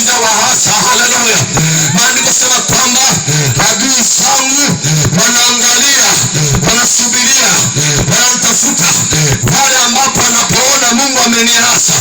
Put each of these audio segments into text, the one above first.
wahasa. Haleluya! Maandiko sema kwamba adui zangu wanaangalia, wanasubiria, wanamtafuta pale ambapo anapoona Mungu ameniasa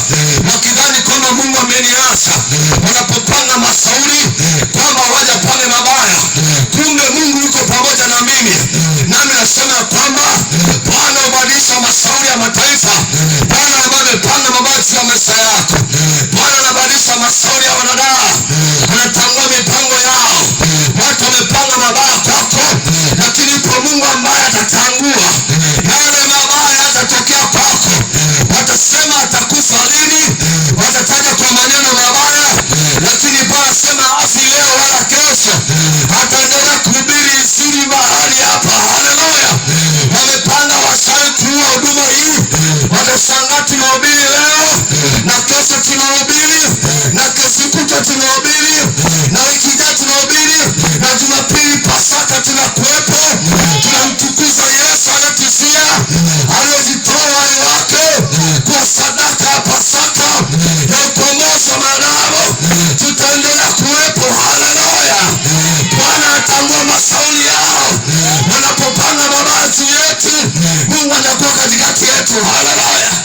Yesu.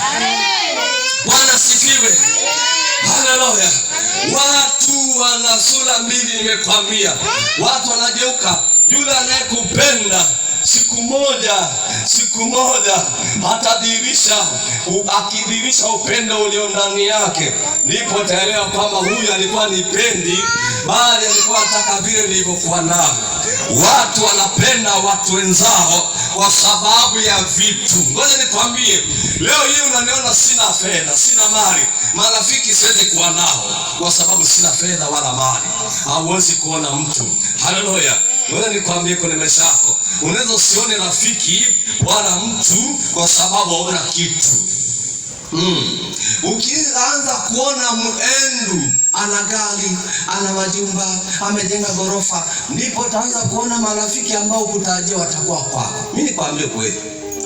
Haleluya. Bwana asifiwe. Haleluya. Watu wana sura mbili, nimekwambia. Watu wanageuka, yule anayekupenda siku moja, siku moja atadhihirisha, akidhihirisha upendo ulio ndani yake, ndipo taelewa kwamba huyu alikuwa nipendi, bali alikuwa anataka vile nilivyokuwa navyo. Watu wanapenda watu wenzao kwa sababu ya vitu. Ngoja nikwambie, leo hii unaniona sina fedha, sina mali, marafiki siwezi kuwa nao kwa sababu sina fedha wala mali. Hauwezi kuona mtu. Haleluya! Ngoja nikwambie, kwenye maisha Unaweza usione rafiki wala mtu kwa sababu haona kitu mm. Ukianza kuona mwendu ana gari, ana majumba, amejenga ghorofa, ndipo utaanza kuona marafiki ambao kutarajia watakuwa kwako. Mimi nikwambie kweli,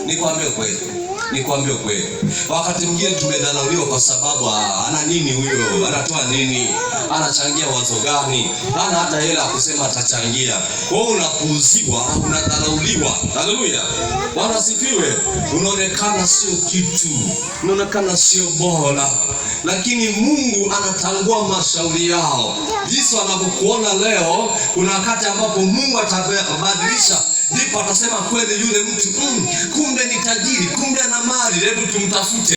nikwambie kweli Nikwambie kweli, wakati mwingine tumedharauliwa kwa sababu ah, ana nini huyo, anatoa nini, anachangia wazo gani? ana hata hela kusema atachangia. Wewe unapuuziwa, unadharauliwa. Haleluya, Bwana sifiwe. Unaonekana sio kitu, unaonekana sio bora, lakini Mungu anatangua mashauri yao. Jinsi wanapokuona leo, kuna wakati ambapo Mungu atabadilisha watasema kweli, yule mtu mm, kumbe ni tajiri, kumbe ana mali, hebu tumtafute.